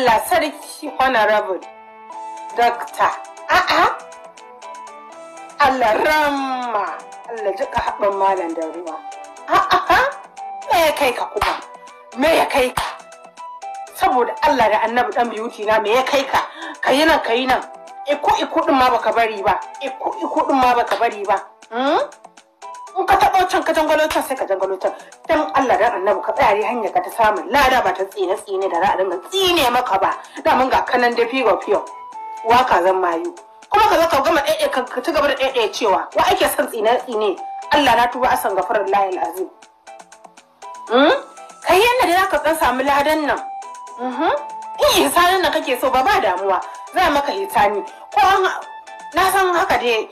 Allah sarki honorable doctor a'a Allah ramma Allah ka haɓin malam da ruwa a'a me ya kai ka kuma me ya kai ka saboda Allah da annabi dan beauty na me ya kai ka yi nan yi nan iko iko din ma baka bari ba iko iko din ma baka bari ba hmm? in ka taɓo can ka jangwalo can sai ka jangwalo can dan Allah dan annabi ka tsaya hanya ka ta samun lada ba ta tsine tsine da ra'ayin nan tsine maka ba da mun ga kanan da fiyo fiyo waka zan mayu kuma ka zo ka gama ɗaiɗe ka ci gaba da ɗaiɗe cewa wa ake son tsine tsine Allah na tuba asan gafarar lahil azim hmm? kai yadda da zaka dan samu ladan nan hmm? in hisanin nan kake so ba ba damuwa za maka hitani ko na san haka dai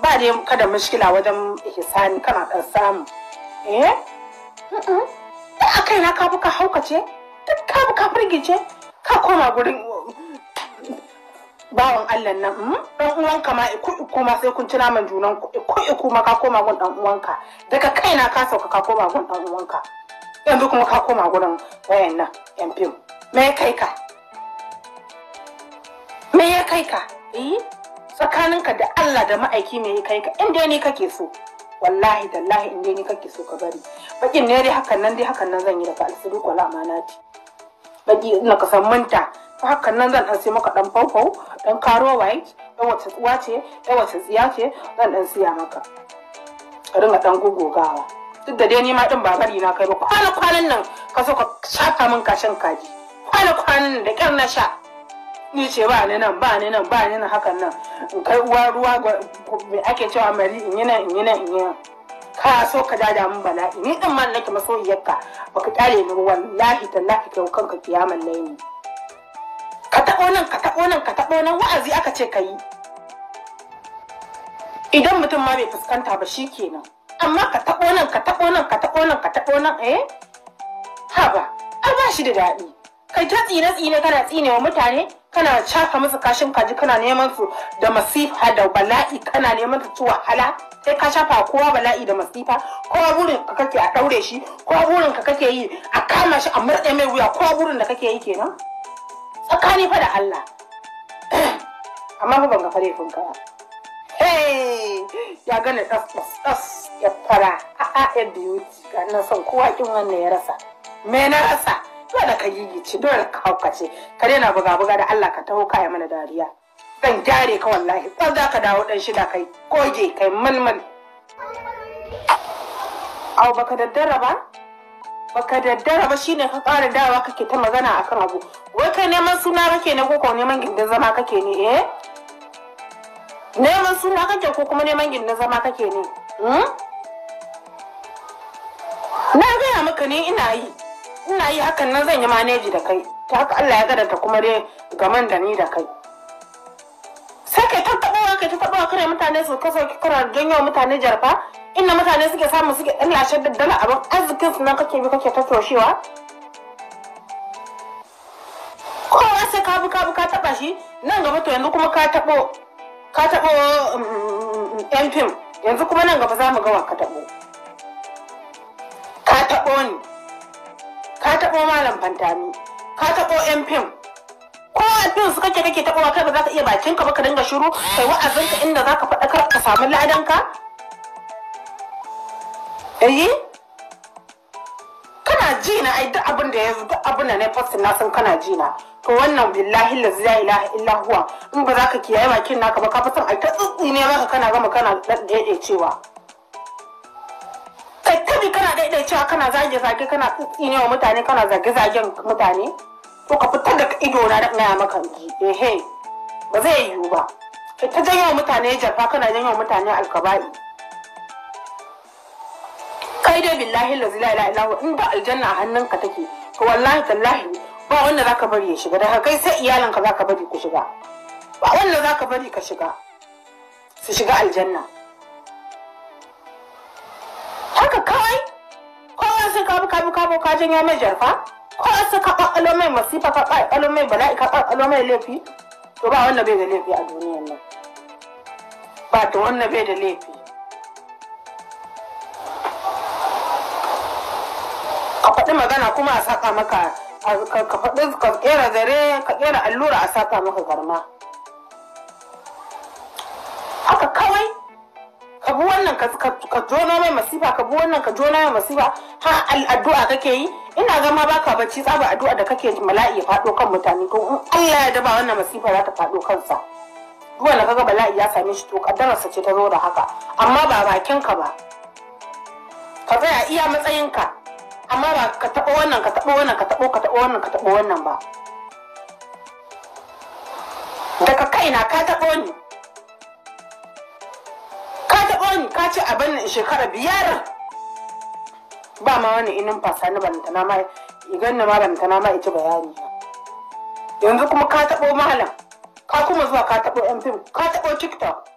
ba dai kada mushkila wajen ihsani kana dan samu eh da akai na ka buka haukace duk ka buka firgice ka koma gurin bawan Allah nan dan mm? uwanka ma iku iku ma sai kun ci man junan ku iku iku ma ka koma gun dan uwanka daga kai na ka sauka ka koma gun dan uwanka yanzu kuma ka koma gurin wayan nan yan fim me ya kai ka me ya kai ka eh tsakaninka da Allah da ma'aiki mai kai ka inda ni kake so wallahi lahi inda ni kake so ka bari bakin ne dai hakan nan dai hakan nan zan yi da alsidu kwala amanati baki na ka san manta hakan nan zan dan sai maka dan faufau dan karo white dan wace tsuwa ce dan wace tsiya ce zan dan siya maka ka ringa dan gugogawa duk da dai ni ma din bari na kai ba kwana kwanan nan ka so ka shafa min kashin kaji kwana kwanan da kyar na sha ni ce ba ni nan ba ni nan ba ni nan hakan nan in kai uwa ruwa me ake cewa mari in yi nan in yi nan in yi nan ka so ka dada min bala'i ni din man nake masoyiyarka baka kare ni wallahi tallahi kai kanka kiyaman laini ka taɓo nan ka taɓo nan ka taɓo nan wa'azi aka ce ka yi idan mutum ma bai fuskanta ba shi kenan amma ka taɓo nan ka taɓo nan ka taɓo nan ka taɓo nan eh haba a ba shi da daɗi kai ta tsine tsine kana tsinewa mutane kana shafa musu kashin kaji kana neman su da masifa da bala'i kana neman su ci wahala sai ka shafa kowa bala'i da masifa kowa burin ka kake a daure shi kowa burin ka kake yi a kama shi a murɗe mai wuya kowa burin da kake yi kenan tsakani fa da Allah amma fa ban ga fare kun ka ya gane tas tas ya fara a a beauty kana son kowa kin wannan ya rasa me na rasa dole ka gigice dole ka haukace ka daina buga buga da Allah ka taho kaya mana dariya zan gyare ka wallahi ko za ka dawo dan shida kai goge kai malmal au baka daddara ba baka daddara ba shine ka ƙara dawa kake ta magana akan abu wai kai neman suna kake ne ko neman gindin zama kake ne eh neman suna kake ko kuma neman gindin zama kake ne hmm? na gaya maka ne ina yi ina yi hakan nan zan yi maneji da kai ta haka Allah ya ta kuma dai gaman da ni da kai sai kai ta taɓa kai ta taɓa kare mutane su kasa don janyo mutane jarfa inda mutane suke samu suke ɗan da dala abin arzikin su nan kake bi kake ta toshewa kowa sai ka bi ka bi ka taɓa shi nan gaba to yanzu kuma ka taɓo ka taɓo yan mm, fim yanzu kuma nan gaba za mu ga wa ka taɓo ka taɓo ni taɓo malam fantami ka taɓo yan fim ko a fim su kake kake taɓo kai ba za ka iya bakin ka ba ka dinga shiru kai wa'azinka inda za ka faɗakar ka samu ladan ka eh kana ji na ai duk abin da ya duk abin da na fasta na san kana ji na to wannan billahi la ilaha illa huwa in ba za ka kiyaye bakin naka ba ka fa san ai ta tsitsi ne ka kana gama kana daidaicewa cewa sani kana daidai cewa kana zage zage kana tsini wa mutane kana zage zagen mutane to ka fitar da ido na gaya maka ji ehe ba zai yiwu ba ka ta janyo mutane jarfa kana janyo mutane alkaba'i kai dai billahi la ilaha illa in ba aljanna a hannunka take to wallahi tallahi ba wanda zaka bari ya shiga daga kai sai iyalanka zaka bari ku shiga ba wanda zaka bari ka shiga su shiga aljanna haka kawai kowa sai ka buka buka buka janyo mai jarfa kowa sai ka kwakwalo mai masifa ka kwakwalo mai bala'i ka kwakwalo mai laifi to ba wannan bai da laifi a duniyan nan ba to wannan bai da laifi ka faɗi magana kuma a saka maka ka faɗi ka kera zare ka kera allura a saka maka garma haka kawai wannan ka jona mai masifa ka bi wannan ka jona mai masifa ha addu'a kake yi ina ga baka bacci tsaba addu'a da kake mala'i ya faɗo kan mutane to in Allah ya daba wannan masifa za ta faɗo kansa duk na kaga bala'i ya same shi to sa ce ta zo da haka amma ba bakin ka ba ka tsaya iya matsayin ka. amma ba ka taɓa wannan ka taɓa wannan ka taɓo ka taɓa wannan ka taɓa wannan ba daga kaina ka taɓo ni kawai ka ce abin shekara biyar ba ma wani inin fasa ni ban na ma igan na ma ban na ma ici bayani yanzu kuma ka taɓo malam ka kuma zuwa ka taɓo yan ka taɓo tiktok